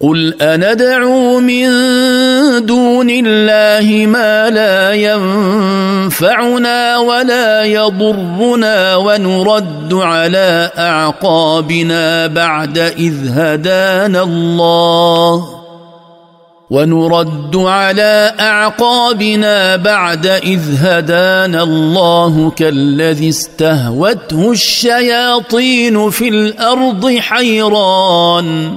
قل أندعو من دون الله ما لا ينفعنا ولا يضرنا ونرد على أعقابنا بعد إذ هدانا الله ونرد على أعقابنا بعد إذ هدانا الله كالذي استهوته الشياطين في الأرض حيران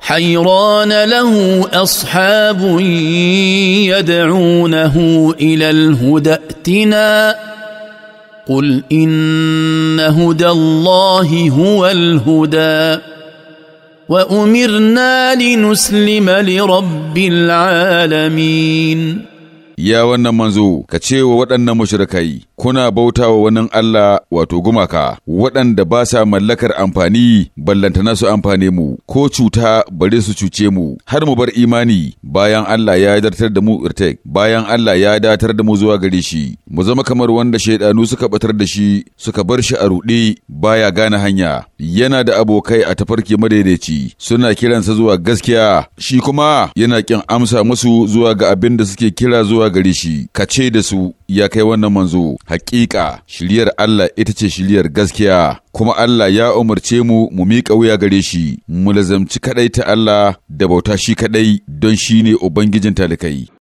حيران له اصحاب يدعونه الى الهدى ائتنا قل ان هدى الله هو الهدى وامرنا لنسلم لرب العالمين Ya wannan manzo, ka ce wa waɗannan mashirkai kuna bauta wa wani Allah wato gumaka, waɗanda ba sa mallakar amfani ballantana su amfane mu, ko cuta bari su cuce mu, har mu bar imani bayan Allah ya datar da mu irtek bayan Allah ya datar da mu zuwa gare shi mu zama kamar wanda shaidanu suka batar da shi suka bar shi a ruɗe baya gane hanya yana da abokai a tafarki madaidaici suna kiransa zuwa gaskiya shi kuma yana kin amsa musu zuwa ga abin da suke kira zuwa gare shi ka ce da su ya kai wannan manzo hakika shiryar Allah ita ce shiryar gaskiya kuma Allah ya umarce mu mu mika wuya gare shi mu lazamci kadai ta Allah da bauta shi kadai don shine ubangijin talikai